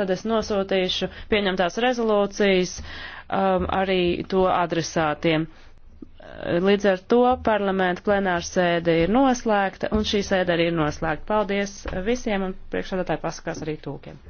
tad es nosūtīšu pieņemtās rezolūcijas um, arī to adresātiem. Līdz ar to parlamenta plenāra sēde ir noslēgta, un šī sēde arī ir noslēgta. Paldies visiem, un priekšādātāji pasakās arī tūkiem.